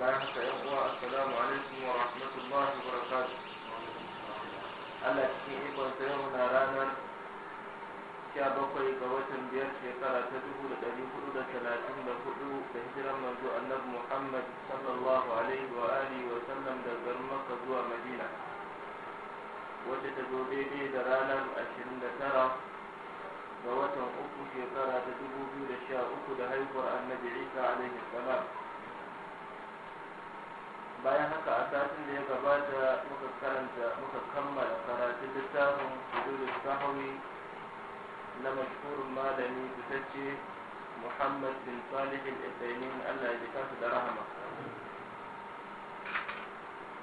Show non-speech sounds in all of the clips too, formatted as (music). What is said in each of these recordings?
بعد إخوة السلام عليكم ورحمة الله وبركاته Allah cikin ikonsa yau na ranar 17 ga watan biyar shekara ta 1434 da hijiran manzo annabi Muhammad sallallahu alaihi wa alihi wa sallam da garin Makka zuwa Madina wacce ta zo daidai da ranar 29 ga watan uku shekara ta 2013 da haihuwar annabi Isa alaihi salam bayan haka a satin da ya gabata muka karanta muka kammala karatun littafin hududus sahawi na mashhurin malami fitacce muhammad bin salih al allah ya kasu da rahama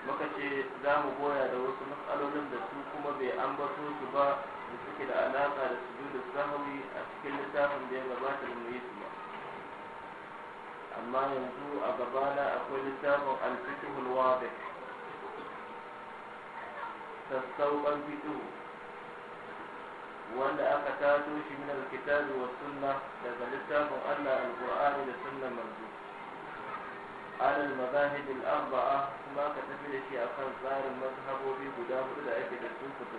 muka ce za mu goya da wasu matsalolin da su kuma bai ambato su ba da suke da alaka da sujudu sahawi a cikin littafin da ya gabata da mu yi su الله يهدو أقبال أقول ساق الفقه الواضح تستوقع الفقه ولا أكتاتو من الكتاب والسنة لذلك أن القرآن لسنة مرجوح على المذاهب الأربعة ما كتب لك أخر زار المذهب وفي قدام إلى أجل السوق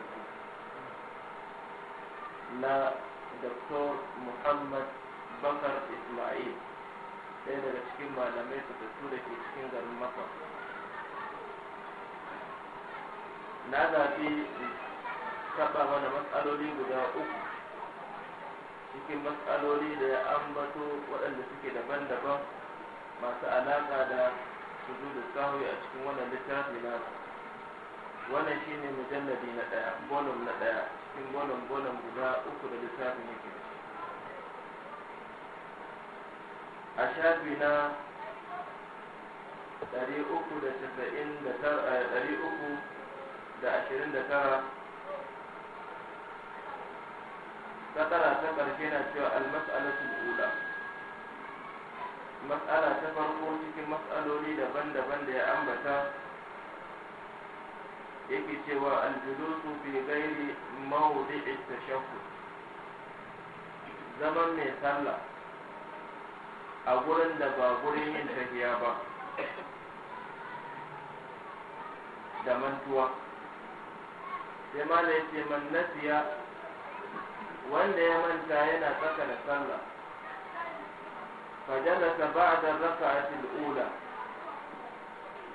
لا دكتور محمد بكر إسماعيل ɗaya daga cikin malamai su da ke cikin garin maka na zafi taɓa mana matsaloli guda uku cikin matsaloli da ya ambato waɗanda suke daban-daban masu alaƙa da su sujudu sahwi a cikin wannan littafi na wannan shine mujalladi na ɗaya bolom na ɗaya cikin bolom-bolom guda uku da littafin yake a shafi na da tara eh, ta ƙarshe na cewa sun ula mas'ala ta farko cikin mas'aloli daban-daban da ya ambata yake cewa aljulusu fi gairi mawdi'i tashahhud zaman mai sallah a gurin da ba gurin yin tafiya ba da mantuwa sai ma ya ce man nasiya wanda ya manta yana tsaka da sallah fajalasa ba'da raka'atil ula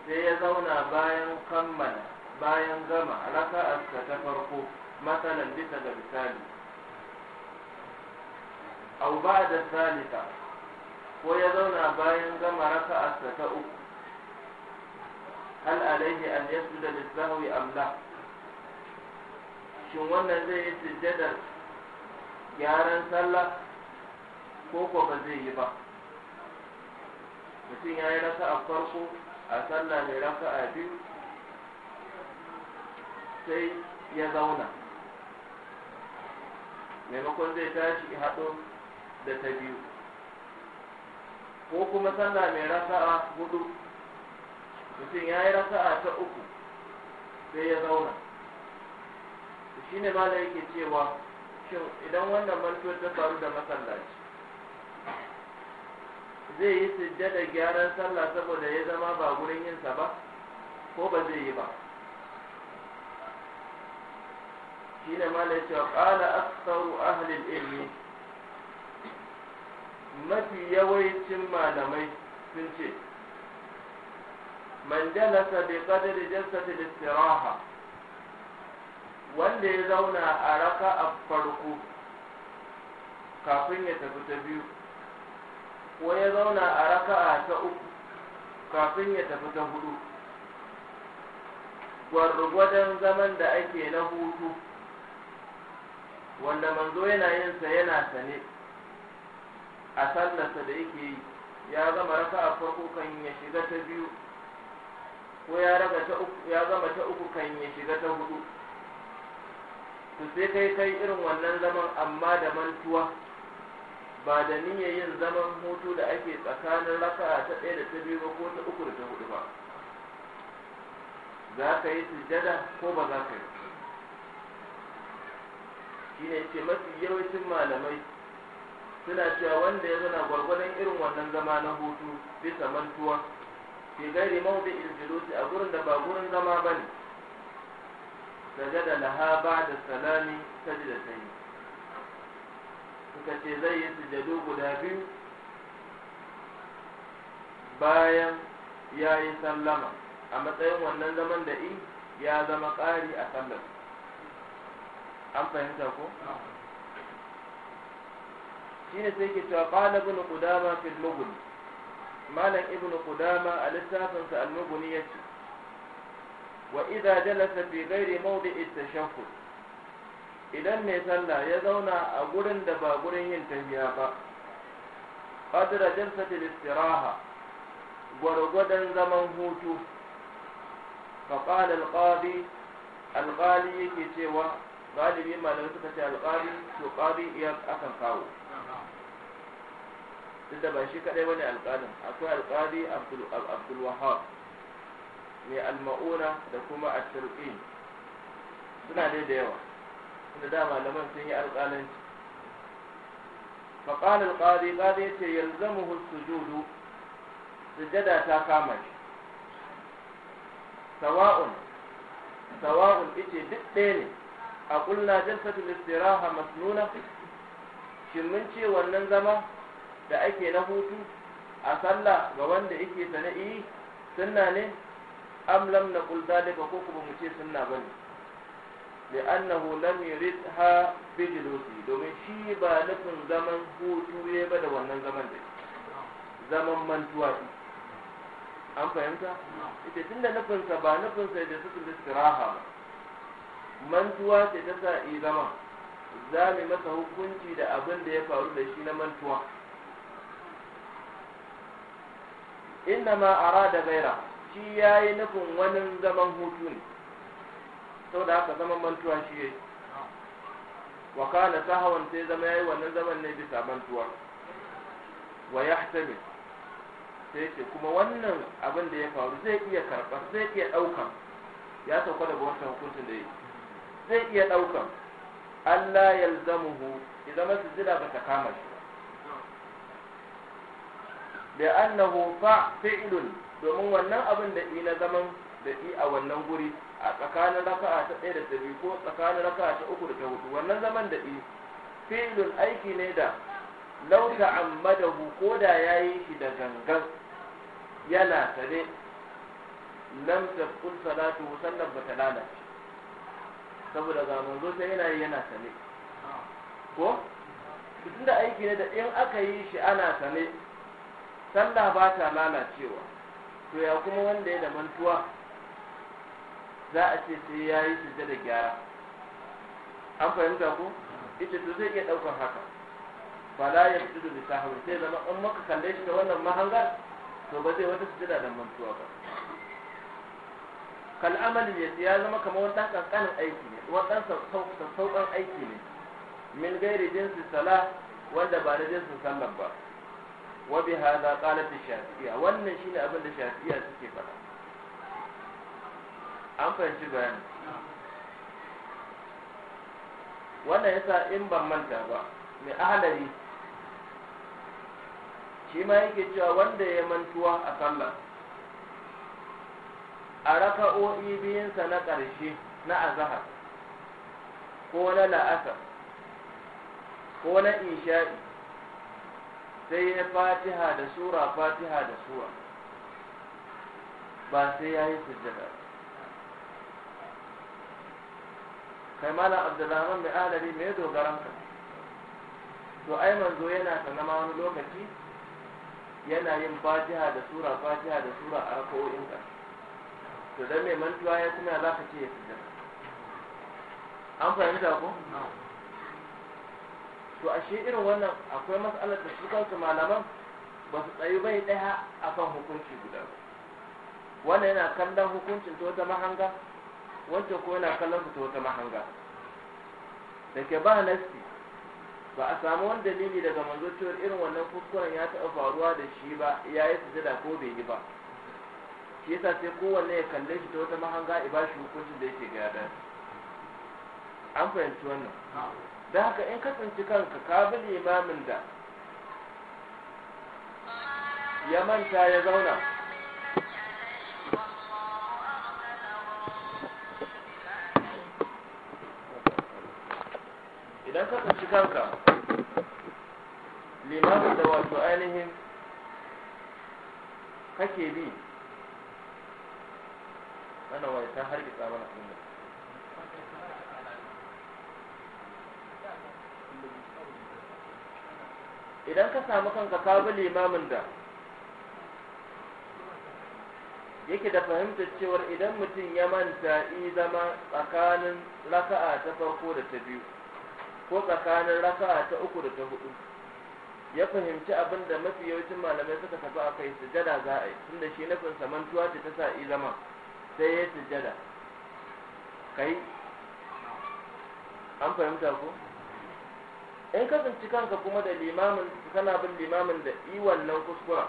sai ya zauna bayan kammala bayan gama a raka'arsa ta farko matsalan bisa ga misali au بعد salisa ko ya zauna bayan gama raka'arsa ta uku hal alaihi an yasjuda da am amla shin wannan zai yi sujjadar gyaran sallah ko ko ba zai yi ba mutum ya yi a farko a sallah mai a biyu sai ya zauna maimakon zai tashi haɗo da ta biyu ko kuma sallah mai raka'a hudu mutum ya yi raka'a ta uku sai ya zauna shi ne ma yake cewa shin idan wannan mantuwar ta faru da masallaci zai yi sujjada gyaran sallah saboda ya zama ba gurin yinsa ba ko ba zai yi ba shine ne ya ce cewa aktharu aksaru al ilmi mafi yawancin malamai sun ce man jalasa bi qadri jalsati istiraha wanda ya zauna a raka a farko kafin ya tafi ta biyu ko ya zauna a raka a ta uku kafin ya tafi ta hudu gwargwadon zaman da ake na hutu wanda manzo yana yin sa yana sane a sallarsa da yake yi ya zama raka a farko kan ya shiga ta biyu ko ya raka ta uku ya zama ta uku kan ya shiga ta hudu to sai kai kai irin wannan zaman amma da mantuwa ba da niyyar yin zaman hutu da ake tsakanin raka ta ɗaya da ta biyu ba ko ta uku da ta hudu ba za ka yi sujjada ko ba za ka yi ne ce mafi yawancin malamai suna cewa wanda ya zana gwargwadon irin wannan zama na hutu bisa mantuwa ke gari mawdi iljilusi a gurin da ba gurin zama ba ne sajada laha ba da salami da ta yi suka ce zai yi sujadu guda biyu bayan ya yi sallama a matsayin wannan zaman da in ya zama ƙari a sallar an fahimta ko? shine sai ke cewa qala ibn qudama malam ibn qudama a littafin sa al-mughni yace wa idza jalasa fi ghairi mawdi'i tashahhud idan mai sallah ya zauna a gurin da ba gurin yin tahiya ba qadra jalsati al-istiraha gwargwadon zaman hutu فقال القاضي القاضي yake cewa galibi malamai suka ce alƙali to ƙari iya kawo tunda ba shi kadai bane alqalin akwai alqadi abdul abdul wahab da kuma at-tirqi suna da yawa tunda da malaman sun yi alqalin fa qala al-qadi ce yalzamuhu as sujada ta kama shi sawa'un sawa'un ice duk ɗaya ne a ƙulla jalsatul istiraha masnuna shin mun ce wannan zama da ake na hutu a sallah ga wanda yake sana'i sunna ne am lam naqul zalika ko kuma mu ce sunna bane li'annahu lam yuridha bi julusi domin shi ba nufin zaman hutu ya ba da wannan zaman da zaman mantuwa ne an fahimta ita tunda nufinsa ba nufinsa da suka istiraha ba mantuwa ce ta sa i zama za mu masa hukunci da abin da ya faru da shi na mantuwa innama arada gaira shi yayi nufin wani zaman hutu ne saboda haka zaman mantuwa shi yayi wa kana sahawan sai zama yayi wannan zaman ne bisa mantuwa wa yahtamil sai ce kuma wannan abin da ya faru zai iya karbar zai iya ɗaukan ya sauka daga wancan hukuncin da yi zai iya ɗaukan Allah yalzamuhu idan masu jira ba ta kama shi da annahu fa'ilun domin wannan abin da yi na zaman da yi a wannan guri a tsakanin raka'a ta ɗaya da ta biyu ko tsakanin raka'a ta uku da ta hudu wannan zaman da yi fi'lun aiki ne da lau ta'ammadahu ko da yayi shi da gangan yana tare lam tafkun salatu sallan ba lalace saboda ga manzo sai yana yi yana sane ko tunda aiki ne da in aka yi shi ana sane sallah ba ta lalacewa to ya kuma wanda ya da mantuwa za a ce sai ya yi sujjada da gyara an fahimta ko ita to zai iya ɗaukar haka ba fala ya fito da sahur sai zama in maka kalle shi da wannan mahangar to ba zai wata sujjada da mantuwa ba kal amalin ya ya zama kamar wani kankanin aiki ne wani sauƙan aiki ne min gairi jinsi sala wanda ba na jinsin sallar ba wa bi hadha qalat ash-shafi'iyya wannan shine abin da shafi'iyya suke faɗa an fahimci bayani wannan yasa in ban manta ba mai ahalari shi ma yake cewa wanda ya mantuwa a sallah a raka'o'i biyunsa na ƙarshe na azahar ko na la'asar ko na isha'i sai ya fatiha da sura fatiha da suwa ba sai ya yi sujjada kai mana abdullahi mai alari mai ya dogaran ka to ai manzo yana sanama wani lokaci yana yin fatiha da sura fatiha da sura a ko'in ka to dan mai mantuwa ya kuma za ka ce ya sujjada an fahimta ko to a shi irin wannan akwai matsalar da su kansu malaman ba su tsayi bai daya a kan hukunci guda ba. wannan yana kallon hukuncin ta wata mahanga wancan ko yana kallon ta wata mahanga da ke ba nasti ba a samu wani dalili daga manzo irin wannan kuskuren ya taɓa faruwa da shi ba ya yi sujada ko bai yi ba shi yasa sai kowanne ya kalle shi ta wata mahanga ya ba shi hukuncin da yake ga an fahimci wannan da haka in ka tsinci kanka ka bi limamin da ya manta ya zauna idan ka tsinci kanka limamin da wato ainihin kake bi ana wata har ki tsamana ɗin idan ka samu kanka ka bi limamin da yake da fahimtar cewar idan mutum ya manta i zama tsakanin raka'a ta farko da ta biyu ko tsakanin raka'a ta uku da ta hudu ya fahimci abin da mafi yawancin malamai suka tafi a kai sujada za a yi da shi nufin samantuwa ce ta sa i zama sai ya sujada kai an fahimta ko in ka tsinci kanka kuma da limamin kana bin limamin da yi wannan kuskura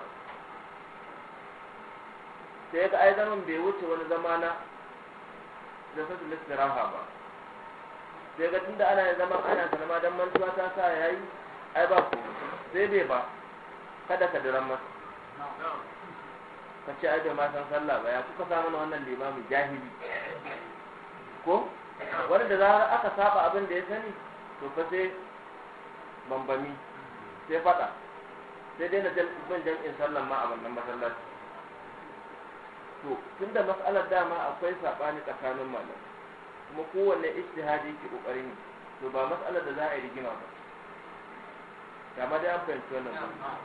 sai ka ai zaman bai wuce wani zamana na da sassa listiraha ba sai ga tunda ana yin zaman ana sanama don mantuwa ta sa ya yi ai ba ku sai bai ba kada ka diran masa ka ce ai bai ma san sallah ba ya kuka samu wannan limamin jahili ko wanda da zarar aka saba abin da ya sani to fa sai bambami sai faɗa sai daina jan jam'in sallan ma a wannan masallaci to tunda mas'alar dama akwai saɓani tsakanin malam kuma kowanne ijtihadi yake ƙoƙari ne, to ba mas'alar da za a yi rigima ba da dai an fahimci wannan ba (clears throat)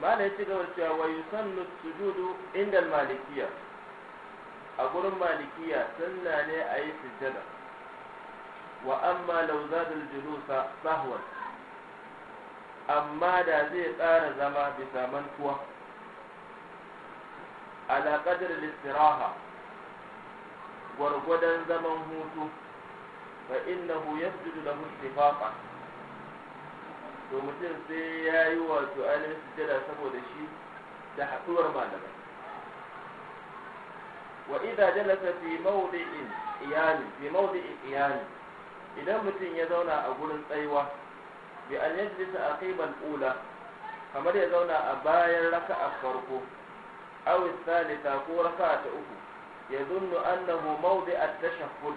mala ya ci gaba cewa wa yusannu sujudu inda malikiya a gurin malikiya sunna ne a yi sujjada وأما لو زاد الجلوس سهوا أما ذا زي قال زما بثمن قوة على قدر الاستراحة ورغدا زمن هوتو فإنه يسجد له اتفاقا ومثل سي يايو وسؤال مستجد سبو دشي تحطور ما لبا وإذا جلس في موضع إيان في موضع إيان idan mutum ya zauna a gurin tsayuwa bi an yajlisa aqiban ula kamar ya zauna a bayan raka'a farko aw thalitha ko raka'a ta uku ya zunnu annahu mawdi at-tashahhud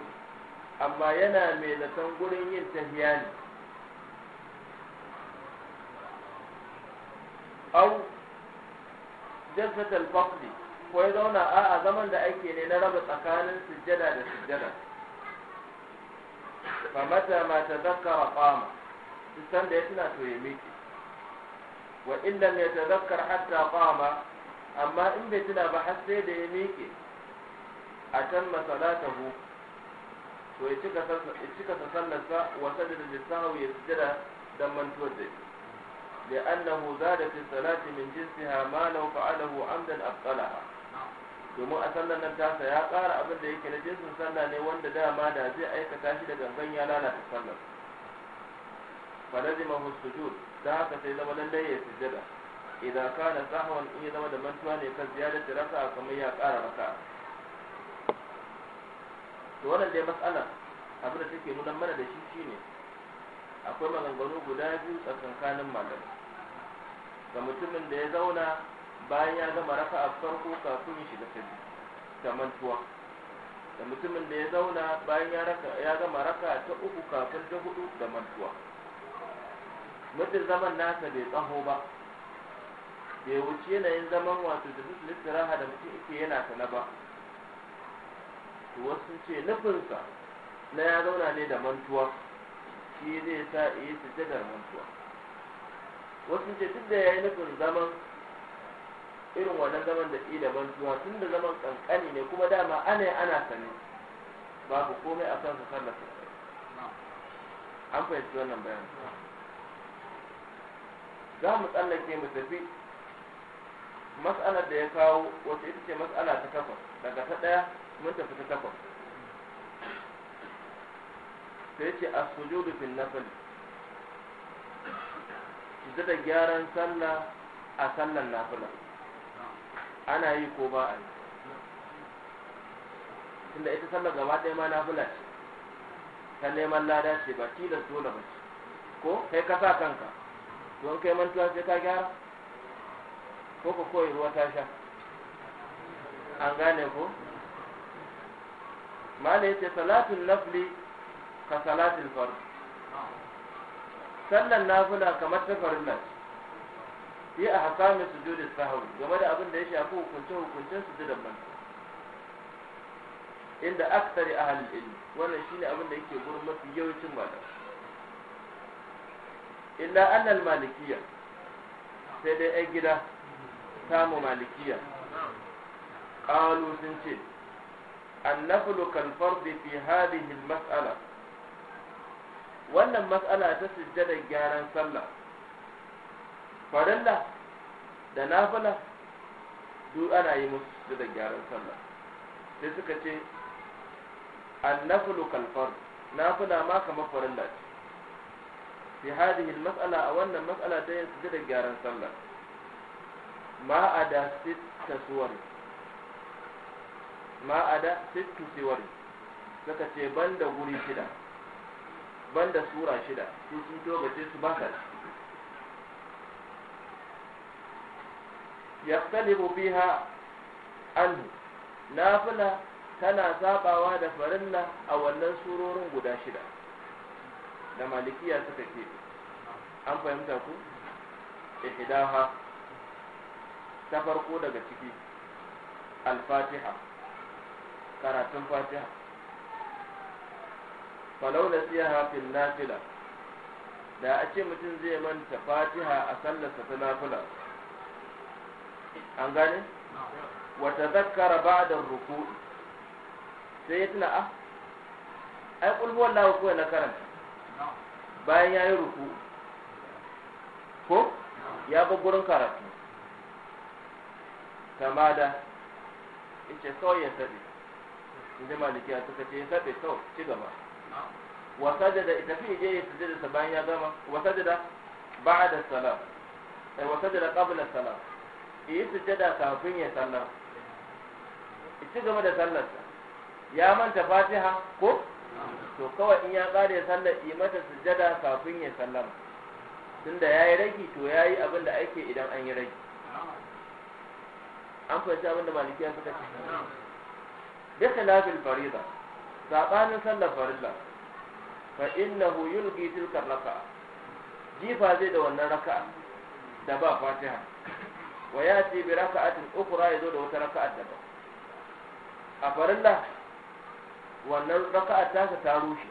amma yana mai zaton gurin yin tahiyani ne aw jazzat al-faqd ko ya zauna a zaman da ake ne na raba tsakanin sujjada da sujjada fa mata ma tadhakkara qama duk sanda ya tuna to ya miƙe wa in lam yatadhakkar hatta qama amma in bai tuna ba har sai da ya miƙe a can masalatahu to ya cika sa sallarsa wa sajada lissahu ya da لأنه زاد الصلاة من جنسها ما لو فعله عمدا أبطلها domin a sallar nan tasa ya ƙara abin da yake na jinsin sallah ne wanda dama da zai aikata shi da gangan ya lalata sallar falazima husujud da haka sai zama lallai ya sujjada idan ka na sahwan ya zama da mantuwa ne kan ziyarar raka kamar ya ƙara raka to wannan dai matsalar abin da take nuna mana da shi shine akwai maganganu guda biyu tsakankanin malamai ga mutumin da ya zauna bayan ya gama raka a farko kafin ya shiga ta mantuwa da mutumin da ya zauna bayan ya gama raka ta uku kafin ta hudu da mantuwa mutum zaman nasa bai tsaho ba bai wuce yanayin zaman wato da duk littara da mutum yake yana na ba to wasu ce nufinsa na ya zauna ne da mantuwa shi zai sa iya sujjadar mantuwa wasu ce duk da ya yi nufin zaman irin wannan zaman da ɗi daban tuwa tun da zaman ƙanƙani ne kuma dama ana ana sane babu komai a da sallar an fahimci wannan bayan za mu tsallake mu tafi mas'alar da ya kawo wata ita ce mas'ala ta kafa daga ta ɗaya mun tafi ta kafa sai ce a sujudu fil nafil ki da gyaran sallah a sallan nafila ana yi ko ba a yi tunda ita sallar gaba ɗaya ma nafila ce ta neman lada ce ba tilas dole ba ce ko kai ka sa kanka don kai mantuwa sai ka gyara ko ka koyi ruwa ta sha an gane ko mala ce salatin nafli ka salatin faru. sallan nafila kamar ta na ce fi a hakamin sujudi sahwi game da abin da ya shafi hukunce hukuncen ji mantuwa inda aksari ahlul ilmi wannan shine abin da yake gurin mafi yawancin malamai illa annal malikiya sai dai yan gida samu malikiya qalu sun ce annaflu kal fardi fi hadhihi mas'ala wannan mas'ala ta sujjada gyaran sallah farilla da nafila duk ana yi musu su da gyaran sallah sai suka ce annafulu kalfar nafila ma kamar farilla ce fi hadihi mas'ala a wannan mas'ala ta yin da gyaran sallah ma a da sitta suwari ma a da sitta suwari suka ce banda guri shida banda sura shida su sun dogace su ba shi yaktalibu fiha anhu nafila tana sabawa da farilla a wannan surorin guda shida da malikiya suka ce an fahimta ku ihdaha ta farko daga ciki al-fatiha karatun fatiha falau na siya fil nafila da a ce mutum zai manta fatiha a sallarsa ta nafila an gane wata zakara ba da ruku sai ya tuna a ah, ai ƙulbuwan lawa kawai na karanta bayan ya yi ruku ko ya bi gurin karatu kama da ce kawai ya saɓe inda a suka ce ya sabi kawai ci gaba da ita fi ije ya sujada bayan ya gama ba da salam ai da qabla salam yi sujjada kafin ya sallar ci gaba da sallarsa ya manta fatiha ko to kawai in ya kare sallar yi mata sujjada kafin ya sallar tunda ya yi ragi to ya yi abin da ake idan an yi ragi an fahimci abin da malikiya suka ce bi khilafil farida sabanin sallar farilla fa innahu yulqi tilka raka jifa zai da wannan raka da ba fatiha wa ya ce bi atin ukura ya zo da wata raka daban a farin da, wannan a tasa ta rushe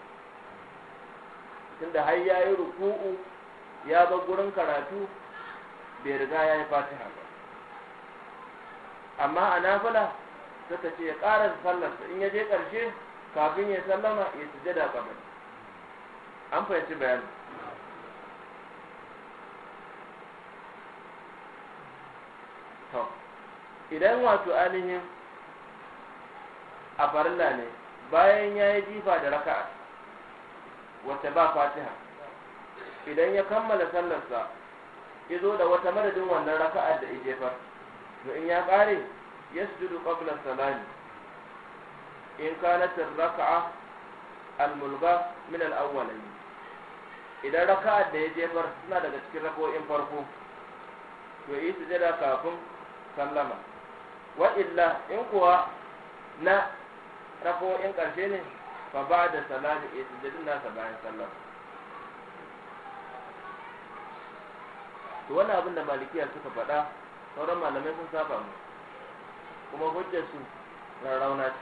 tunda har ya yi ruku'u ya ba gurin karatu bai riga ya yi fatiha ba amma a nafila suka ce ya ƙara sallarsa in ya je ƙarshe kafin ya sallama ya sujada kamar an fahimci bayanin idan wato ainihin a farilla ne bayan ya yi jifa da raka'a wata ba fatiha idan ya kammala sallarsa ya zo da wata madadin wannan raka'a da ijefar to in ya ƙare ya su sujudu qabla salami in kanatar raka'a a mulga min al idan raka'ar da ya jefar suna daga cikin rako'in farko to yi sujada kafin sallama wa illa in kuwa na in karshe ne fa ba da salati ya sujjadin nasa bayan sallama to wani abin da malikiya suka faɗa sauran malamai sun saba mu kuma hujjar su rarrauna ce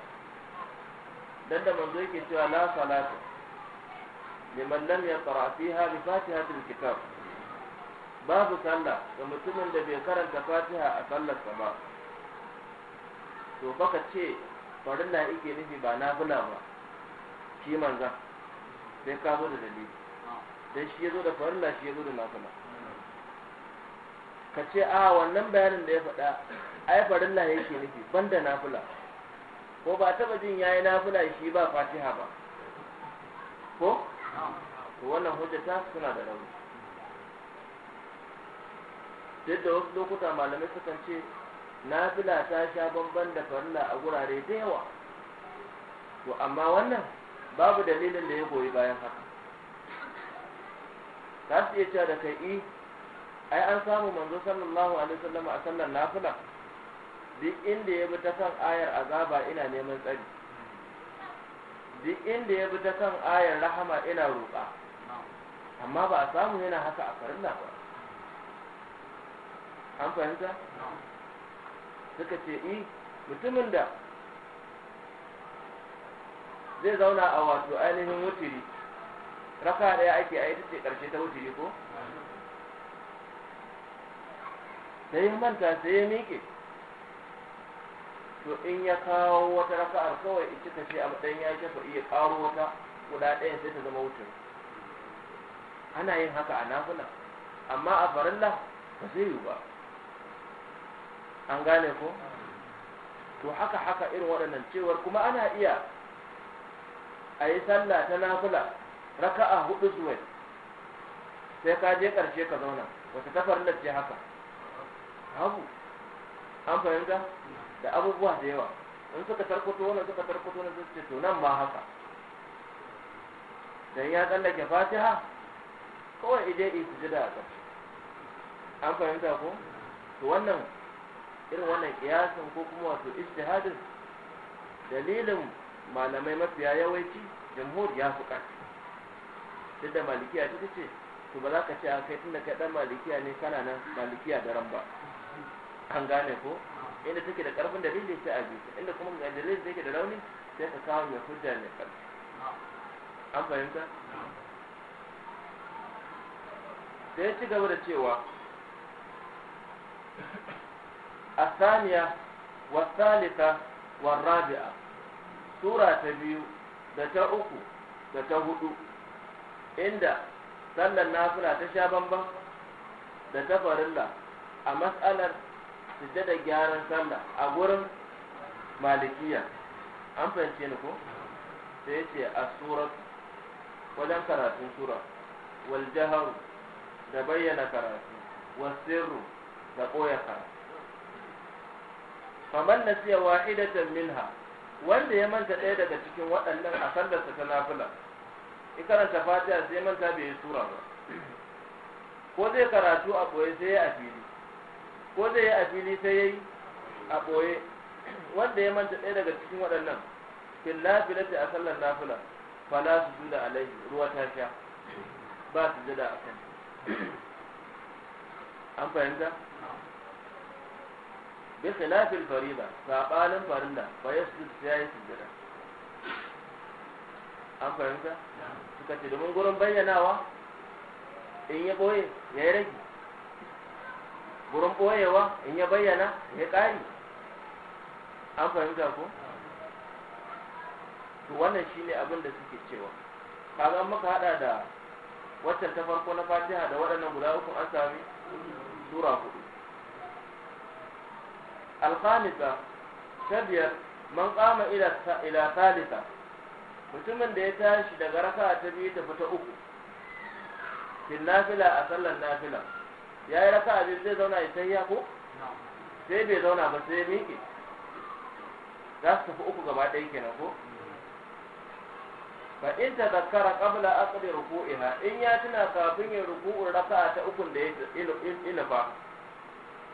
dan da manzo yake cewa la salata liman lam yaqra fiha bi fatihatil kitab babu sallah ga mutumin da bai karanta fatiha a sallarsa ba to baka ce farin farilla yake nufi ba nafila ba shi manzan sai ka zo da dalili dan shi ya zo da farilla shi ya zo da nafila ka ce a wannan bayanin da ya faɗa ai farin farilla yake nufi banda nafila ko ba taba jin yayi nafila shi ba fatiha ba ko to wannan hujja ta suna da rauni duk da wasu lokuta malamai sukan ce fila ta sha bamban da farilla a gurare da yawa to amma wannan babu dalilin da ya goyi bayan haka za su iya cewa da kai i eh, ai an samu manzo sallallahu alaihi wasallam a sallar nafila duk inda ya bi ta kan ayar azaba ina neman tsari duk inda ya bi ta kan ayar rahama ina roƙa amma ba a samu yana haka a farilla ba an fahimta suka ce i eh, mutumin da zai zauna a wato ainihin wuturi raka daya ake a ita ce karshe ta wuturi ko sai ya manta sai ya miƙe to in ya kawo wata raka'ar kawai in kika ce a matsayin ya shafa iya karo wata guda ɗaya sai ta zama wuturi ana yin haka a nafula amma a farilla ba zai yi ba an gane ko to haka haka irin waɗannan cewar kuma ana iya a yi sallah ta nafila raka'a hudu zuwai sai ka je ƙarshe ka zauna wata tafar ce haka abu an fahimta da abubuwa da yawa in suka tarkoto wannan suka tarkoto na suka ce to nan ba haka dan ya tsallake fatiha kawai idai yi sujada a ƙarshe an fahimta ko to wannan irin wannan kiyasin ko kuma wato ijtihadin dalilin malamai mafiya yawanci jamhur ya fi ƙarfi duk da malikiya ta ce to ba za ka ce a kai tunda kai dan malikiya ne kana nan malikiya daren ba an gane ko inda take da karfin dalili sai a bisa inda kuma ga dalilin da yake da rauni sai ka kawo mai hujja mai ƙarfi. an fahimta sai ci gaba da cewa a saniya wa salika wa rabiya sura ta 2 da ta 3 da ta 4 inda sallar na suna ta shaɓaɓa da ta faralla a matsalar su jida gyaran sallah a gurin malikiya an fahimci ni ku ta ce a sauransu wajen karatun sura waljihar da bayyana karatun wasu tsirru da koyarka. faman nasiya wahidatan minha wanda ya manta ɗaya daga cikin waɗannan a sallarsa ta nafila in karanta fatiha sai manta bai yi sura ba ko zai karatu a ɓoye sai ya a fili ko zai yi a fili sai ya yi a ɓoye wanda ya manta ɗaya daga cikin waɗannan fil nafilati a sallar nafila fala su juda alaihi ruwa ta sha ba su jada a kan an fahimta bi khilafil fariba sabanin farinda fa yasjud sai sujjada an fahimta suka ce domin gurin bayyanawa in ya boye ya yi rage gurin boyewa in ya bayyana ya ƙari an fahimta ko to wannan shine abin da suke cewa kaga muka hada da waccan ta farko na fatiha da waɗannan guda uku an sami sura hudu alkhamisa ta biyar man kama ila salisa mutumin da ya tashi daga raka ta biyu ta ta uku fil nafila a sallar nafila ya yi raka abin zai zauna ya sayya ko sai bai zauna ba sai ya miƙe za su tafi uku gaba ɗaya kenan ko fa in zakara qabla aqdi ruku'iha in ya tuna kafin ya ruku'u raka'a ta ukun da ya ba.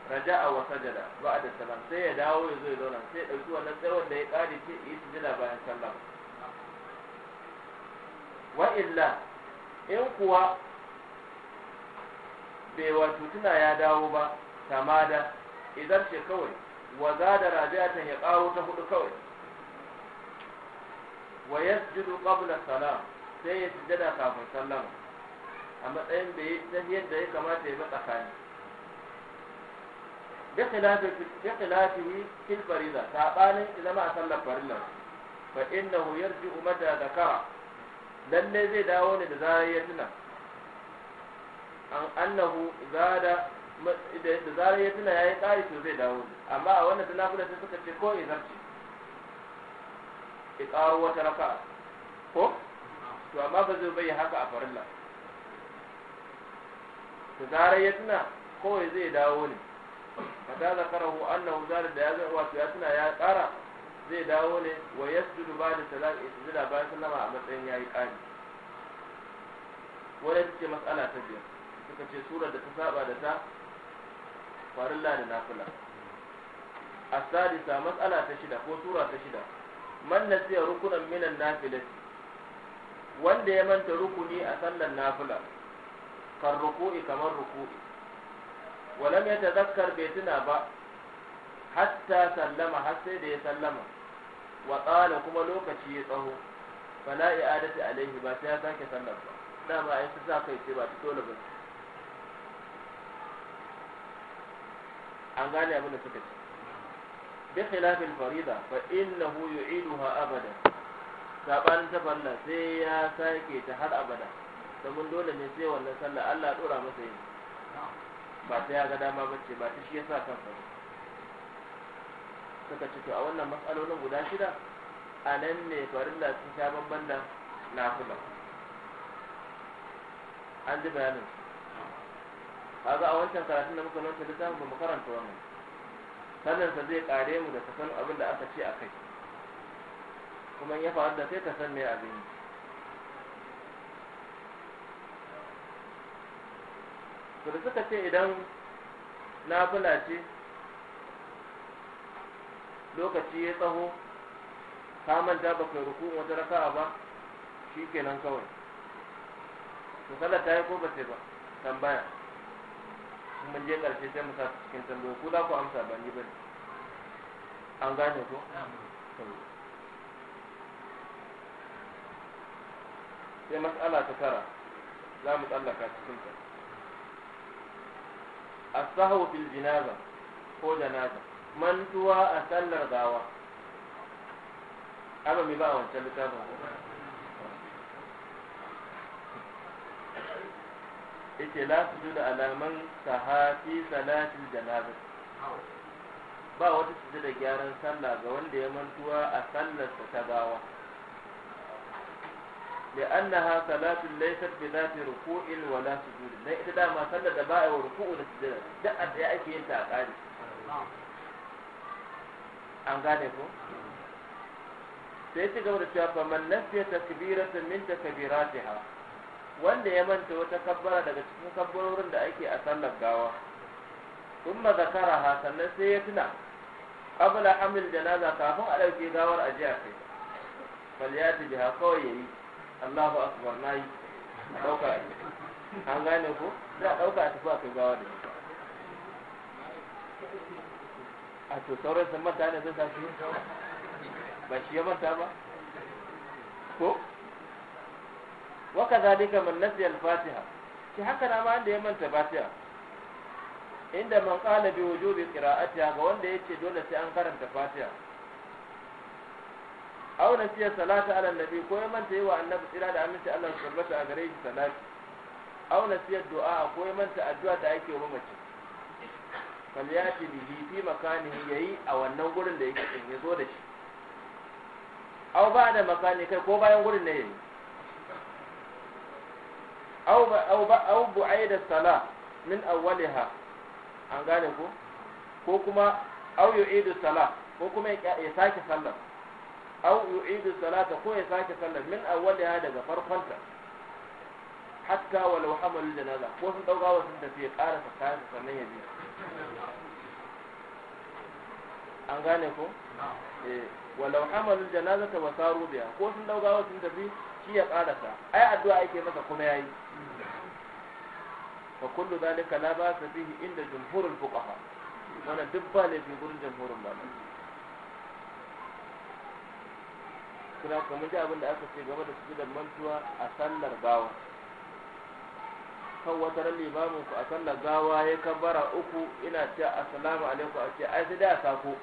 raja raja'a wa sajada da salam sai ya dawo ya zo ya zauna sai ya dauki wannan tsawon da ya kare ce yi jina bayan sallah wa illa in kuwa bai wato tuna ya dawo ba tamada idan ce kawai wa zada rabi'atan ya karo ta hudu kawai wa yasjudu qabla salam sai ya sujada kafin sallama a matsayin da yadda ya kamata ya matsakani bi khilafihi fil fariza sabanin zama a sallar farilla fa innahu lalle zai dawo ne da zarar ya tuna an annahu zada da zarar ya tuna yayi tsari to zai dawo amma a wannan tunafila sai suka ce ko ki wata ko to amma ba zai bai haka a farilla da zarar tuna kowai zai dawo ne da karahu annahu zalika da ya zai wato ya tuna ya ƙara zai dawo ne wa yasjudu ba da salat isjuda bayan sallama a matsayin yayi ƙari wannan ce mas'ala ta biyar suka ce surar da ta saba da ta farilla da nafila asadisa mas'ala ta shida ko sura ta shida man nasiya rukunan minan nafila wanda ya manta rukuni a sallar nafila kan ruku'i kamar ruku'i ولم يتذكر بيتنا با حتى سلم حتى دي سلم وقال كما لوكتي يتهو فلا إعادة عليه با سياساك سلم با لا ما يستسا كيتي با تتولى بس an gane abin da suka ce bi khilafin farida fa innahu yu'iduha abada sabanin ta farla sai ya sake ta har abada domin dole ne sai wannan sallah Allah ya dora masa yin ba ta ya ga dama ba ce ba ta shi ya sa kansa suka ce to a wannan matsalolin guda shida a nan ne da su ta bamban da nafila an ji bayanin kaga a wancan karatun da muka lantsa ta ba mu karanta wannan sannan zai kare mu da ta san abin da aka ce a kai kuma ya faru da kai ka san me abin yi to da suka ce idan nafila ce lokaci ya tsaho ka manta ba kai ruku wata raka'a ba shi kenan kawai to sallar ta yi ko ba ce ba tambaya mun je ƙarshe sai musa cikin tambayoyi ko za ku amsa ba ni ba ne an gane ko sai matsala ta tara za mu tsallaka cikin ta as في fil ko janaza mantuwa a sallar gawa aba ba a لا littafin yake la su da ba wata su da gyaran sallah ga wanda ya mantuwa a sallar ta gawa لأنها صلاة ليست بذات ركوع ولا سجود لا إتدا ما صلى دباء وركوع وسجود دعت يا أكي أنت أقالي an gane ko sai ci gaba da cewa fa man nasiya takbiratan min takbiratiha wanda ya manta wata kabbara daga cikin kabbarorin da ake a sallar gawa kuma zakaraha sannan sai ya tuna qabla da janaza kafin a ɗauke gawar a jiya kai fal yati biha kawai yayi Allahu akbar nayi dauka an gane ko za a dauka a tafi a kai gawa da shi a to sauran san manta ne zai tashi ba shi ya manta ba ko wa kadhalika man nasiya al-fatiha shi haka na ma da ya manta fatiha inda man qala bi wujubi qira'atiha ga wanda yace dole sai an karanta fatiha aw nasiya salata ala nabi ko ya manta yi wa annabi tsira da aminci Allah su tabbata a gare shi salati aw nasiya du'a ko ya manta addu'a da ake wa mace fal yati bihi fi makanihi yayi a wannan gurin da yake din yazo da shi aw ba da makani kai ko bayan gurin ne yayi aw ba aw ba aw bu'aida salah min awwaliha an gane ko ko kuma aw yu'idu salah ko kuma ya sake sallah. aw yu'idu salata ko ya sake sallar min ya daga farkon ta, hatta walau hamalul janaza ko sun dauka wa sun tafi ya ƙara sa kayan sannan ya bi an gane ko eh walau hamalul janaza ta wasaru biya ko sun dauka wa sun tafi shi ya ƙara sa ai addu'a yake masa kuma yayi fa kullu zalika la ba'sa bihi inda jumhurul fuqaha wannan duk ba ne gurin jumhurul malamai kira kamar ji abin da aka ce game da sujudan mantuwa a sallar gawa kan wata ran limamin ku a sallar gawa ya bara uku ina ce assalamu alaikum a ce ai sai da sako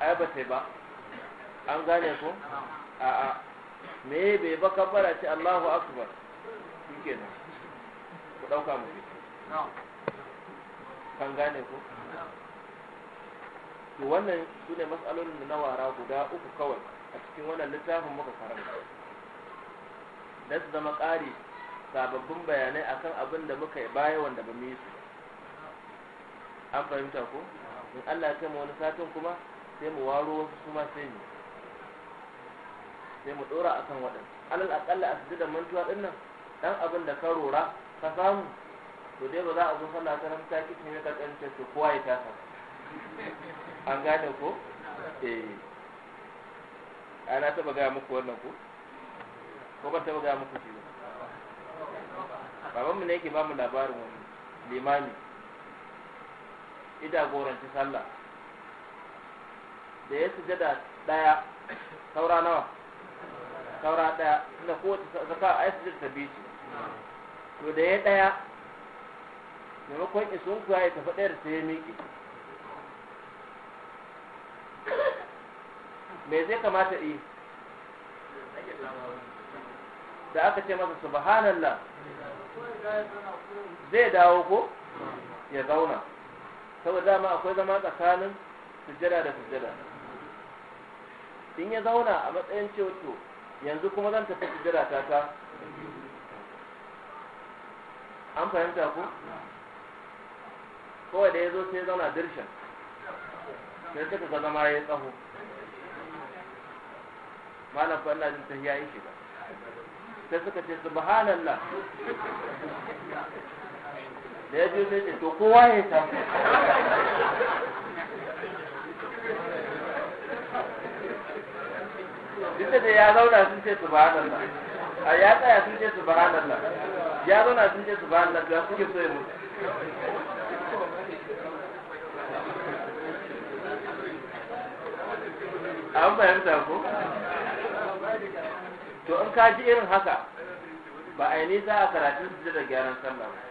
ai ba sai ba an gane ku a a me bai ba bara ce Allahu akbar shikenan ku dauka mu kan gane ku to wannan su ne matsalolin da na wara guda uku kawai a cikin wannan littafin muka karanta da su zama ƙari sababbin bayanai akan abin da muka yi baya wanda ba mu yi su an fahimta ko in Allah ya kama wani satin kuma sai mu waro wasu su ma sai mu sai mu dora akan waɗanda alal aƙalla a sujjada mantuwa ɗin nan ɗan abin da ka rora ka samu to dai ba za a zo sallah ta nan ta ne ya ka tsance to kowa ya tasa an gane ko eh a na taba gaya muku wannan ko, ko ban taba gaya muku shi ba babanmu ne yake ba mu labarin wani limami ita goranci sallah da ya sujada daya saura nawa saura daya tunda ko zaka a yi sujada ta biyu to da ya daya maimakon isun kuwa ya tafi da sai ya miƙe me zai kamata yi da aka ce masa subhanallah zai dawo ko ya zauna saboda dama akwai zama tsakanin sujjada da sujjada in ya zauna a matsayin cewa yanzu kuma zan tafi sujjada ta ta an fahimta ku kawai da ya zo sai zauna dirshan sai suka zama ya tsaho malam fa ina jin tahiya yake ba sai suka ce subhanallah da ya je sai to kowa ya ta duk da ya zauna sun ce subhanallah a ya tsaya sun ce subhanallah ya zauna sun ce subhanallah ya kuke so ya mutu an fahimta ko to in ka ji irin haka ba a yi nisa a karatun su da gyaran sallah ba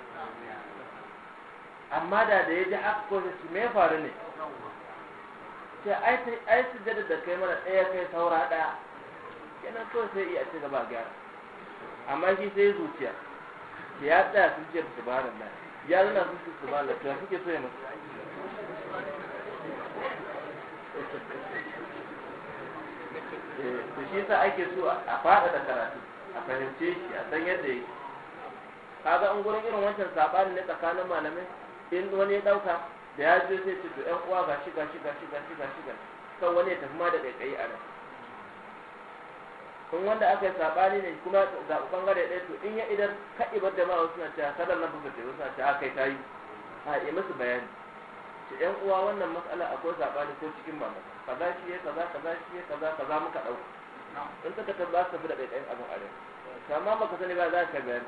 amma da da ya ji haka ko su me faru ne ce ai sujjada da kai mana ɗaya kai saura ɗaya kenan kawai sai iya ci gaba gyara amma shi sai zuciya ya tsaya ce su ba da ya zana zuciyar su ba da to ya kuke so ya masu da eh, shi yasa ake so a da karatu a fahimce shi a san yadda yake kaga an gurin irin wancan sabanin ne tsakanin malamai in wani ya dauka da ya je zai ce to ƴan uwa gashi gashi gashi gashi gashi gashi kan wani ya tafi ma da kai a nan kun wanda aka yi sabani ne kuma zaɓi ɓangare ɗaya to in ya idan ka ibar da ma'a suna cewa sadar nan fuka ce suna cewa kai ta yi a yi musu bayani ce ƴan uwa wannan matsala akwai sabani ko cikin mamaki kaza shi ya kaza kaza shi ya kaza kaza muka dauka in ka tabbata su bi da dai abin a rai amma baka sani ba za ka ga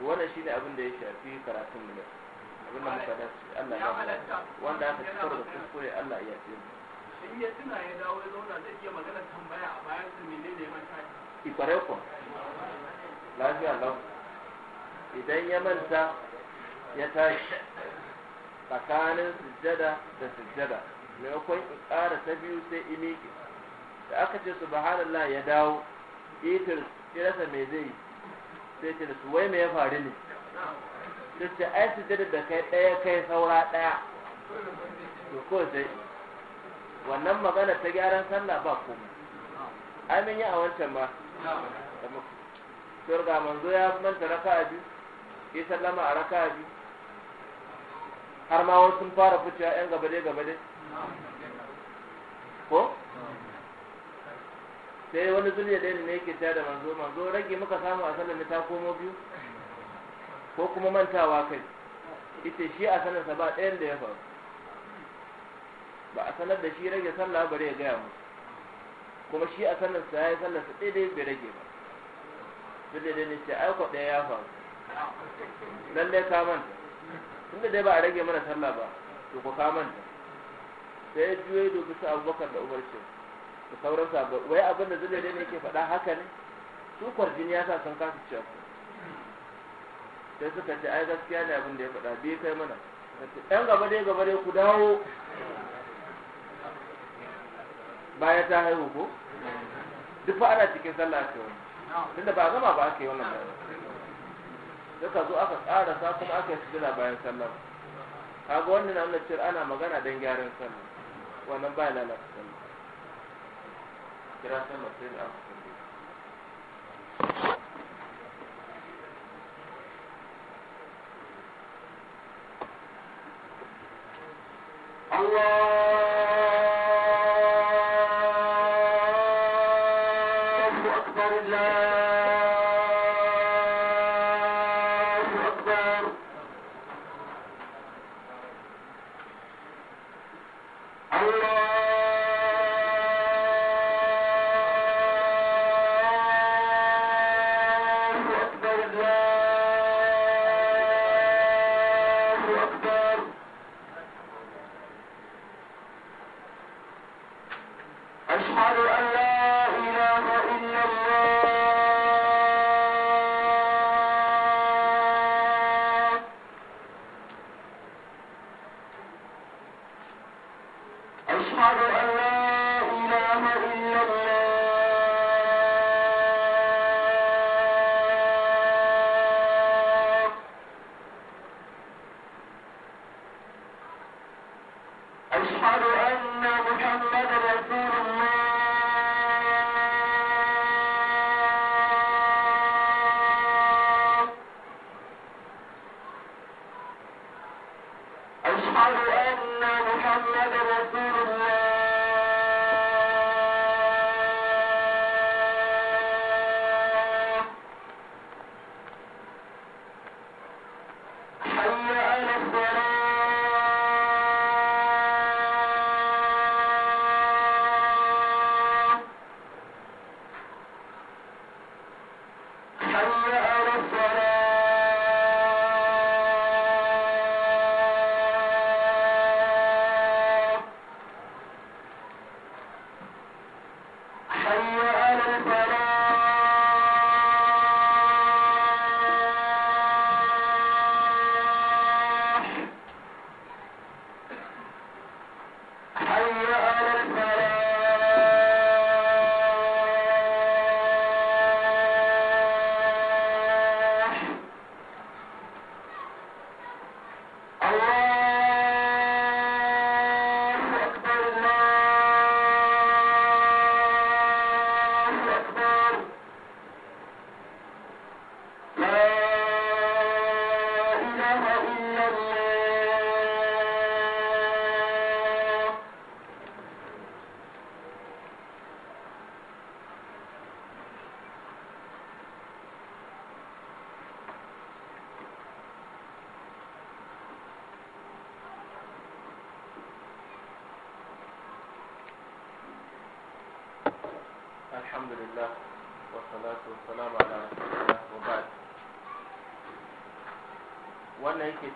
wannan shine abin da ya shafi karatun mu ne abin da muka dace Allah ya ba wanda aka ci da kuskure Allah ya yi in ya tuna ya dawo ya zauna zai iya magana tambaya a bayan su menene ya manta ikware ko lafiya lau idan ya manta ya tashi tsakanin sujjada da sujjada maimakon in ƙara ta biyu sai imiki da aka ce su bahalallah ya dawo itir kirasa mai zai yi sai ce da su wai mai ya faru ne sai ce ai su da kai ɗaya kai saura ɗaya to ko sai wannan magana ta gyaran sallah ba komai ai mun yi a wancan ma sai ga manzo ya manta raka'a biyu ya sallama a raka biyu har ma wasu fara fuciya yan gaba dai gaba dai ko sai wani zuriya da ne yake ta da manzo manzo rage muka samu a sallar ta komo biyu ko kuma mantawa kai ita shi a sa ba ɗayan da ya faru ba a sanar da shi rage sallah bare ya gaya musu kuma shi a sa ya yi sallarsa daidai bai rage ba duk da ne ce aiko ɗaya ya faru lallai ka manta tunda dai ba a rage mana sallah ba to ko ka manta sai ya juye dubi su abubakar da umar ce da sauran sabo wai abin da zai ne yake faɗa haka ne su kwarjin ya sa sun kasu ciyar sai suka ce ai gaskiya ne abin da ya faɗa biyu kai mana ɗan gaba dai gaba dai ku dawo baya ta haihu ko duk fa ana cikin sallah ake wani tunda ba gama ba aka yi wannan bayan suka zo aka sa kuma aka yi sujjada bayan sallah kaga wannan na nuna cewa ana magana don gyaran sallah ونبال نفس دراسة مصير الله أشهد أن لا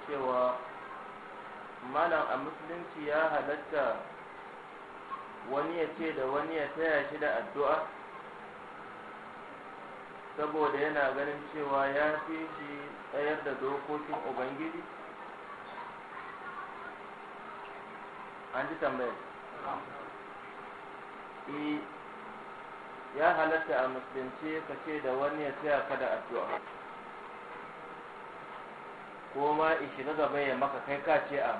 cewa malam a musulunci ya halatta wani ya ce da wani ya taya shi da addu'a saboda yana ganin cewa ya fi shi tsayar da dokokin ubangiji an ji tambayar e, ya halatta a musulunci ka ce da wani ya taya ka da addu'a ko ma in na gaba ya maka kai ka ce a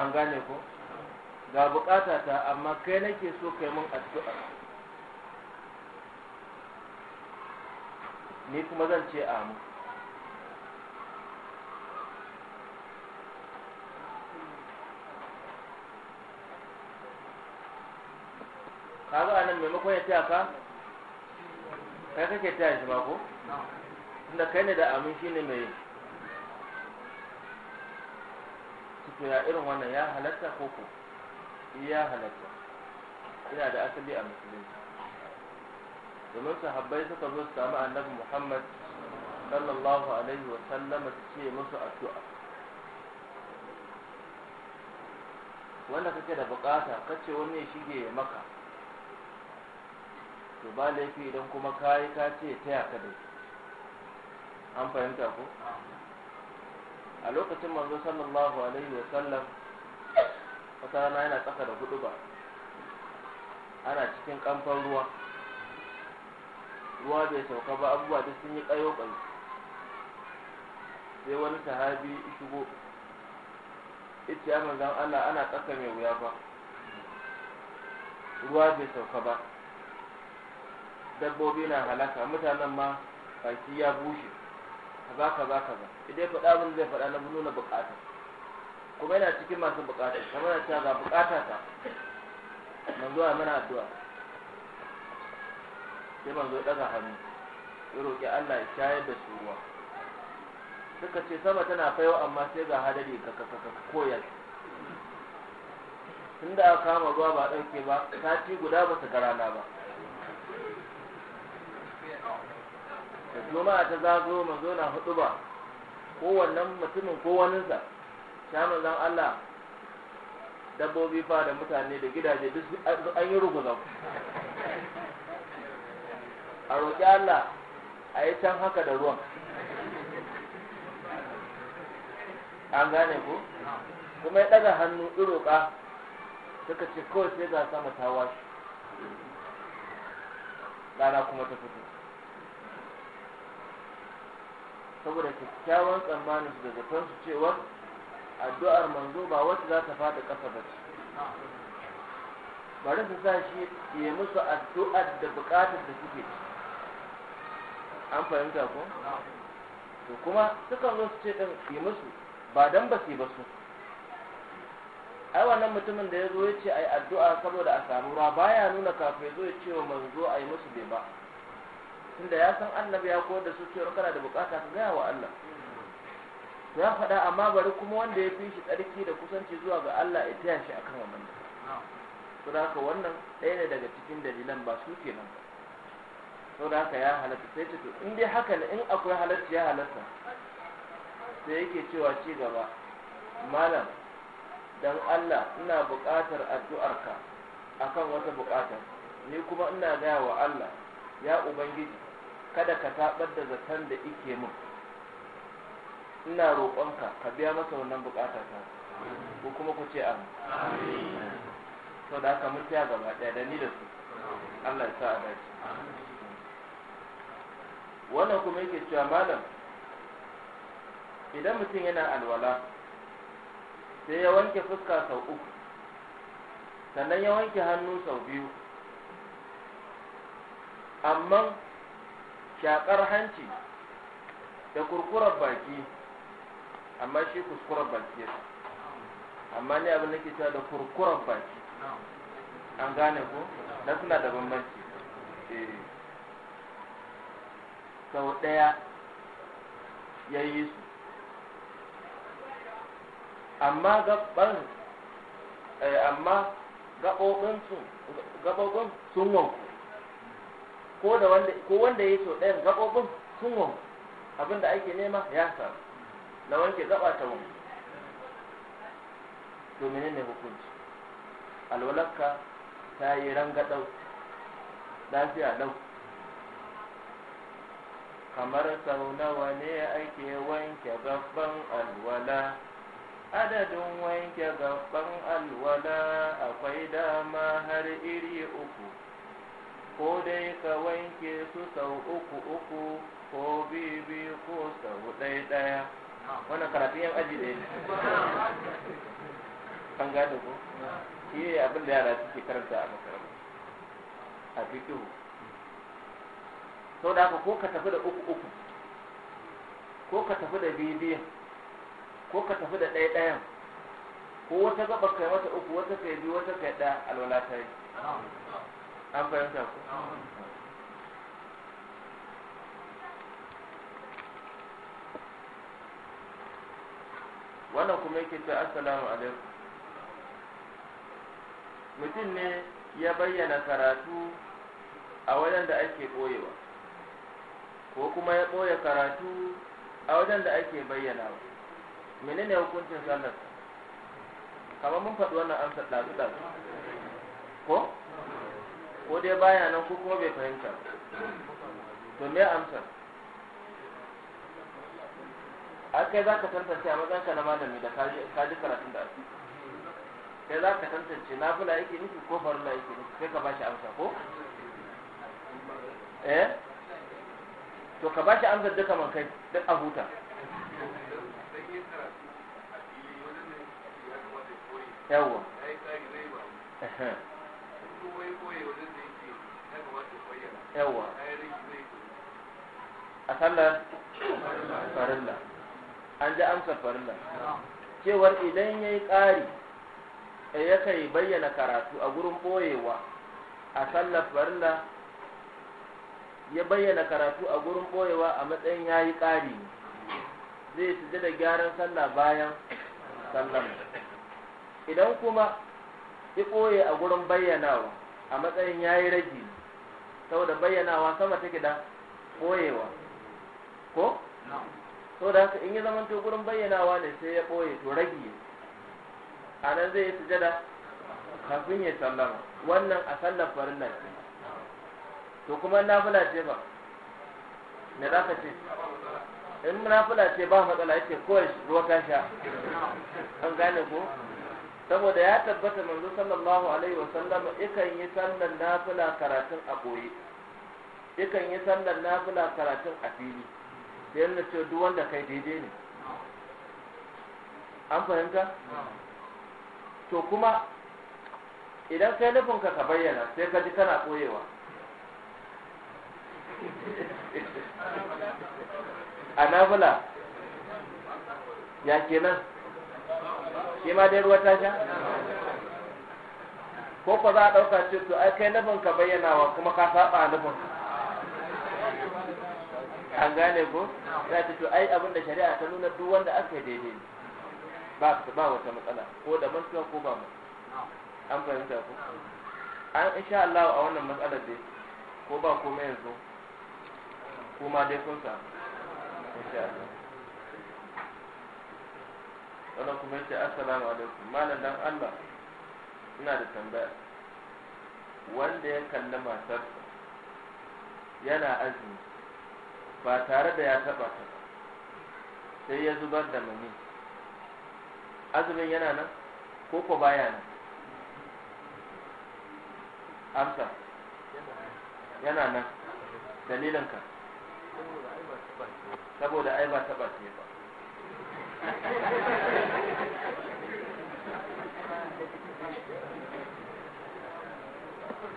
an gane ko ga bukata ta amma kai nake so kai mun addu'a ni kuma zan ce a mu kaga anan maimakon ya taya ka kai kake taya shi ba ko tunda kai ne da amin ne mai yi. to ya irin wannan ya halatta ko ko eh, ya halatta ina da asali a musulunci domin sahabbai suka zo su samu annabi muhammad sallallahu alaihi wa sallama su ce musu addu'a wanda kake da bukata kace wani ya shige maka to ba laifi idan kuma kayi ka ce taya ka dai an fahimta ko a lokacin manzo sallallahu alaihi wa sallam wata rana yana tsaka da hudu ba ana cikin kamfan ruwa ruwa bai sauka ba abubuwa duk sun yi kayo kayo sai wani sahabi shigo ita ya manzan Allah ana tsaka mai wuya ba ruwa bai sauka ba dabbobi na halaka mutanen ma baki ya bushe kaza kaza kaza idan faɗa mun zai faɗa na nuna bukata kuma yana cikin masu bukata kamar na cewa ga bukata ta manzo zuwa mana addu'a sai mun zo ɗaga hannu ya roƙi Allah ya shayar da su ruwa suka ce sama tana faiwa amma sai ga hadari ka ka ka koyar tunda aka kama ruwa ba ɗauke ba sati guda ba su garana ba da juma'a ta zazo manzo na hudu ba kowannen mutumin ko sa ta Allah dabbobi fa da mutane da gidaje duk an yi ruguza a roƙi Allah a yi can haka da ruwan an gane ku kuma ya ɗaga hannu iroƙa suka ce kawai sai ga sama ta washe rana kuma ta fito saboda kyakkyawan tsammanin su da zaton su cewar addu'ar manzo ba wacce za ta fada kasa ba ce bari su sa shi ya musu addu'ar da buƙatar da suke ci an fahimta ko to kuma sukan zo su ce ɗin yi musu ba dan ba su ba su ai wannan mutumin da ya zo ya ce ai addu'a saboda a samu ruwa baya nuna kafin ya zo ya ce wa manzo a yi musu bai ba tunda ya san annabi ya koyar da su cewa kana da bukata ka gaya wa Allah ya faɗa amma bari kuma wanda ya fi shi tsarki da kusanci zuwa ga Allah ya taya shi akan wannan to da haka wannan ɗaya ne daga cikin dalilan ba su kenan ba to da haka ya halatta sai ce to in dai haka ne in akwai halatta ya halatta sai yake cewa ci gaba malam dan Allah ina buƙatar addu'arka akan wata buƙata ni kuma ina gaya wa Allah ya ubangiji kada ka tabar da zaton da ike min ina roƙonka ka biya masa wannan bukata ta ko kuma ku ce amin to da aka mutiya gaba ɗaya da ni da su Allah ya sa a dace wannan kuma yake cewa malam idan mutum yana alwala sai ya wanke fuska sau uku sannan ya wanke hannu sau biyu amma shakar hanci da kurkurar baki amma shi kuskurar baki ya amma ne abin da ke cewa da kurkurar baki an gane ko na suna da bambanci eh. sau ɗaya ya yi su amma gaban eh, amma gaɓoɓin sun wanku ko da wanda ko wanda ya so ɗayan gaɓoɓin sun won abin da ake nema ya samu na wanke gaba ta wanku to menene hukunci Alwalakka ta yi rangadau lafiya lau kamar sau nawa ne ake wanke gaban alwala adadin wanke gaban alwala akwai dama har iri uku ko dai ka wanke su sau uku uku ko biyu biyu ko sau ɗaya ɗaya wannan karatun yan aji ne kan gado ko shi ne abin da yara suke karanta a makaranta a fikihu sau da haka ko ka tafi da uku uku ko ka tafi da biyu biyu ko ka tafi da ɗaya ɗayan ko wata gaba kai wata uku wata kai biyu wata kai ɗaya alwala ta yi an fahimta ku wannan kuma yake ta assalamu alaikum mutum ne ya bayyana karatu a wajen da ake ɓoyewa ko kuma ya ɓoye karatu a wajen da ake bayyanawa menene hukuncin sallar kamar mun faɗi wannan amsar ɗazu-ɗazu ko ko dai baya nan ko kuma bai fahimta to me amsa akai za ka tantance a mazanka na malami da kaji karatun da ake kai za ka tantance na fula yake nufi ko farla yake nufi sai ka bashi amsa ko eh to ka bashi amsa duka man kai duk a huta yawwa yawa a sallar farilla an ji amsa farilla cewar idan ya yi ƙari da ya kai bayyana karatu a gurin ɓoyewa a sallar farilla ya bayyana karatu a gurin ɓoyewa a matsayin ya yi ƙari zai su da gyaran sallah bayan sallar idan kuma Ki ɓoye a gurin bayyanawa a matsayin ya yi ragi saboda bayyanawa sama take da ɓoyewa ko? so da haka in ya zama to gurin bayyanawa ne sai ya ɓoye to ragi a nan zai yi sujada kafin ya sallama wannan a sallar farin nan to kuma fula ce ba me za ka ce in fula ce ba matsala yake kawai ruwa ta sha an gane ko saboda ya tabbata manzo sallallahu alaihi wa sallam, ikan yi sallan nafila karatun a koyi ikan yi sallan nafila karatun a fili sai na ce duk wanda kai daidai ne an fahimta to kuma idan kai nufin ka bayyana sai ka ji kana koyewa (laughs) a nafila ya kenan shi ma dai ruwa ta sha ko ko za a ɗauka ce to ai kai nufin ka bayyana wa kuma ka saba nufin an gane ko za ta to ai abinda shari'a ta nuna duk wanda aka yi daidai ba ba wata matsala ko da mantuwa ko ba mu an fahimta ko an insha Allah a wannan matsalar dai ko ba komai yanzu kuma dai kun samu insha Allah wannan kuma yace assalamu alaikum malam dan Allah ina da tambaya wanda ya kalli matarsa yana azumi ba tare da ya taba ta sai ya zubar da mani azumin yana nan ko ko baya nan amsa yana nan dalilinka saboda ai ba taba ce ba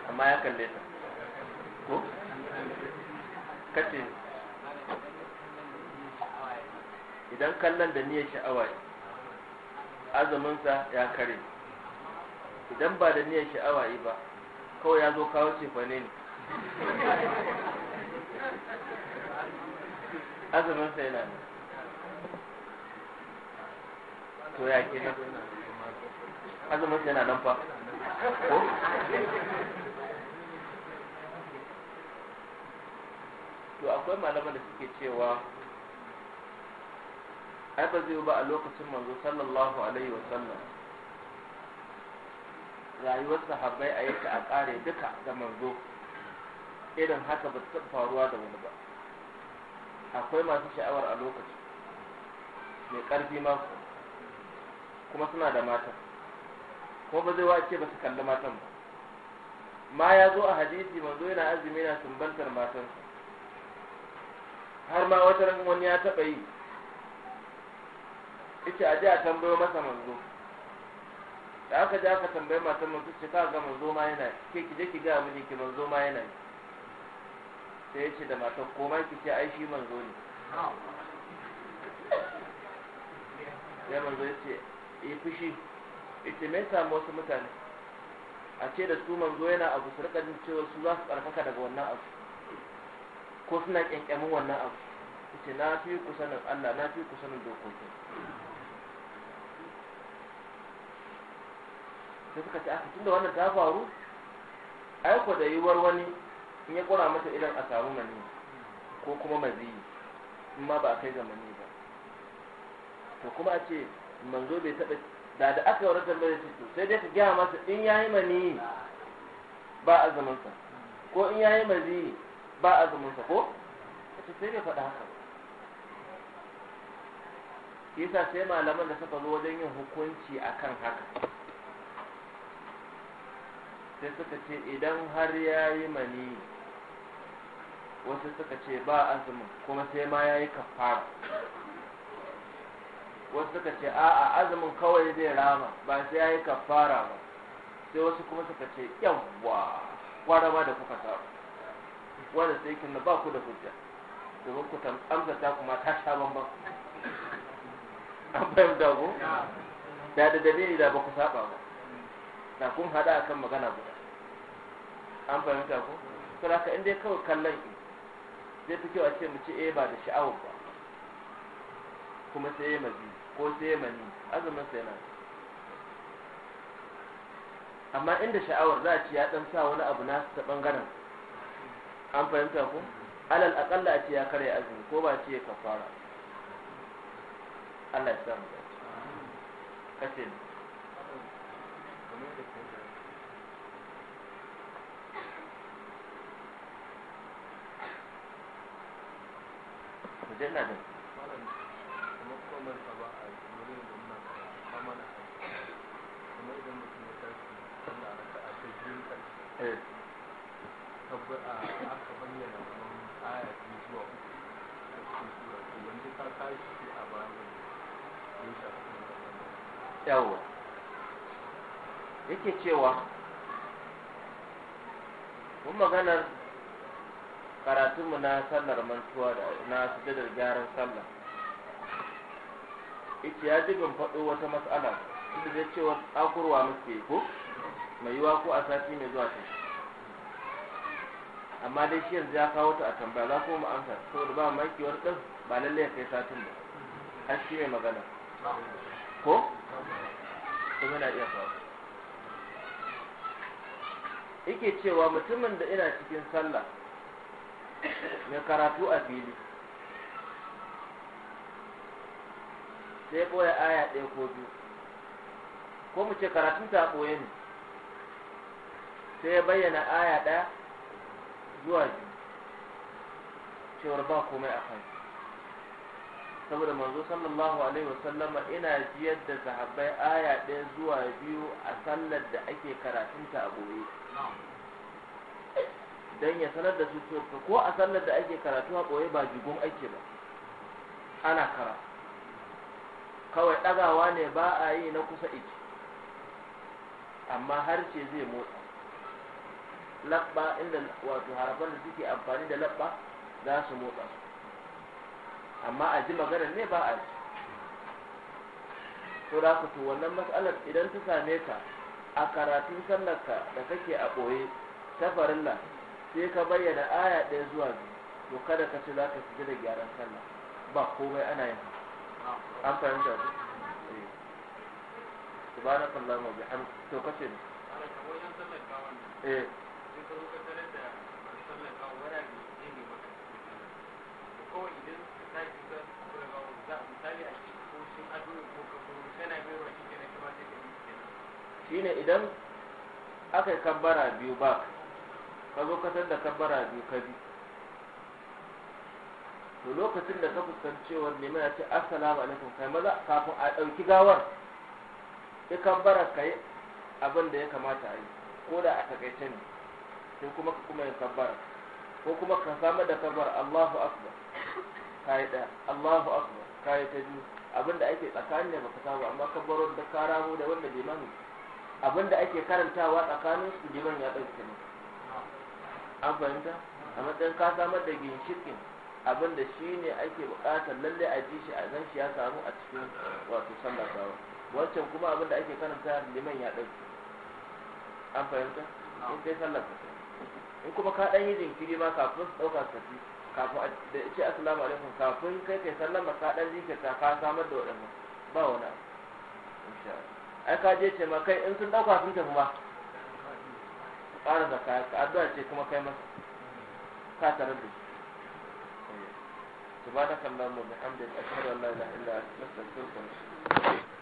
amma ya kalle ta ko kace idan kallon da niyyar sha'awa azuminsa ya kare idan ba da niyyar sha'awa yi ba kawai ya zo kawo cefane ne (laughs) azuminsa yana ne to ya kenan azumin yana nan fa ko to akwai malaman da suke cewa ai ba zai ba a lokacin manzo sallallahu alaihi wa sallam rayuwar sahabbai a yake a kare duka da manzo irin haka ba ta faruwa da wani ba akwai masu sha'awar a lokaci mai karfi ma kuma suna da matan Kuma ba zai wace ba su kalli matan ba ma ya zo a hadisi manzo yana azumi yana sumbantar matan. har ma wata ran wani ya taɓa yi ita a ji a tambayo masa manzo da aka ji aka tambayi matan manzo ce ka ga manzo ma yana ke ki je ki ga mini ki manzo ma yana sai ya ce da matan koma ki ce ai shi manzo ne ya manzo ya ce yi fushi ita mai samu wasu mutane a ce da su manzo yana abu su rika cewa su za su karfaka daga wannan abu ko suna kyankyamin wannan abu ita na fi kusanin Allah na fi kusanin sanin dokokin sai suka ce aka ah, tunda wannan ta faru aiko da yiwuwar wani in ya kura mata idan a samu mani ko kuma maziyi in ma ba a kai zamani to kuma a ce manzo bai taɓa da da aka wara tambayar ce to sai dai ka gaya masa in ya yi mani ba azumin sa ko in ya yi mani ba azumin sa ko ce sai bai faɗa haka isa sai malaman da suka zo wajen yin hukunci akan haka sai suka ce idan har ya yi mani wasu suka ce ba azumin kuma sai ma ya yi kafara wasu suka ce a'a azumin kawai zai rama ba sai ya yi kafara ba sai wasu kuma suka ce yawwa kwarama da kuka sa wanda sai kin ba ku da hujja domin ku amsa ta kuma ta sha bamban an fahimta ko da da dalili da ba ku saba ba na kun hada akan magana guda an fahimta ko to haka in dai kawai kallon ki zai fi kyau a ce mu ci eh ba da sha'awar ba kuma sai ya mazi ko sai azumin sa yana amma inda sha'awar za a ci ya dan sa wani abu na ta bangaren an fahimta ko alal aqalla a ci ya karya azumi ko ba ci ya kafara Allah ya samu kace Jangan Eh, ah, aka a yawa yake cewa mun maganar karatunmu na sallar mantuwa da na sujadar gyaran sallah ita ya jibin faɗo wata matsala inda zai cewa tsakurwa muke ko mai yiwa ko a sati mai zuwa ta amma dai shi yanzu ya kawo ta a tambaya za kuma mu amsa saboda ba makiyar ɗan ba lallai ya kai satin ba har shi mai magana ko kuma na iya kawo yake cewa mutumin da ina cikin sallah mai karatu a fili sai ɓoye aya ɗaya ko biyu ko mu ce karatun ta ɓoye ne sai ya bayyana aya ɗaya zuwa biyu cewar ba komai a kan saboda manzo sallallahu alaihi wasallama ina jiyar da sahabbai aya ɗaya zuwa biyu a sallar da ake karatunta a gobe don ya sanar da su cewa ko a sallar da ake karatu a ɓoye ba jigon ake ba ana kara kawai ɗagawa ne ba a yi na kusa iki amma harshe zai motsa labba inda wato harafan da suke amfani da labba za su motsa su amma a ji maganar ne ba a ji to da ku to wannan matsalar idan ta same ka a karatun sallarka da kake a ɓoye ta farilla sai ka bayyana aya ɗaya zuwa biyu to kada ka ce za ka fita da gyaran sallah ba komai ana yin an fahimta ku eh. wa bihamdika to kace ne eh shine idan aka yi kabbara biyu ba ka zo ka da kabbara biyu ka bi to lokacin da ka fuskanci cewar neman ya ce assalamu alaikum kai maza kafin a ɗauki gawar ya kabbara ka yi abin da ya kamata a yi ko da a takaice ne ko kuma ka kuma yin kabbara ko kuma ka samar da kabbara Allahu akbar kai da Allahu akbar kai ta biyu abinda ake tsakanin ne baka samu amma kabbaron da karamu da wanda limamin abinda ake karantawa tsakanin su liman ya dauke ne an fahimta a matsayin ka samar da ginshikin abinda shi ne ake buƙatar lalle a ji shi a zan shi ya samu a cikin wato sallah sawa wancan kuma abinda ake karanta liman ya dauke an fahimta in kai sallah ka in kuma ka dan yi jinkiri ma kafin su dauka su tafi kafin da ce assalamu alaikum kafin kai kai sallama ka dan jinkirta ka samar da wadannan ba wani insha Allah ai ka je ce ma kai in sun dauka sun tafi ma ƙara zakka ka addu'a ce kuma kai masa ka tare da shi سبحانك اللهم وبحمدك أشهد أن لا إله إلا أنت أستغفرك ونتوب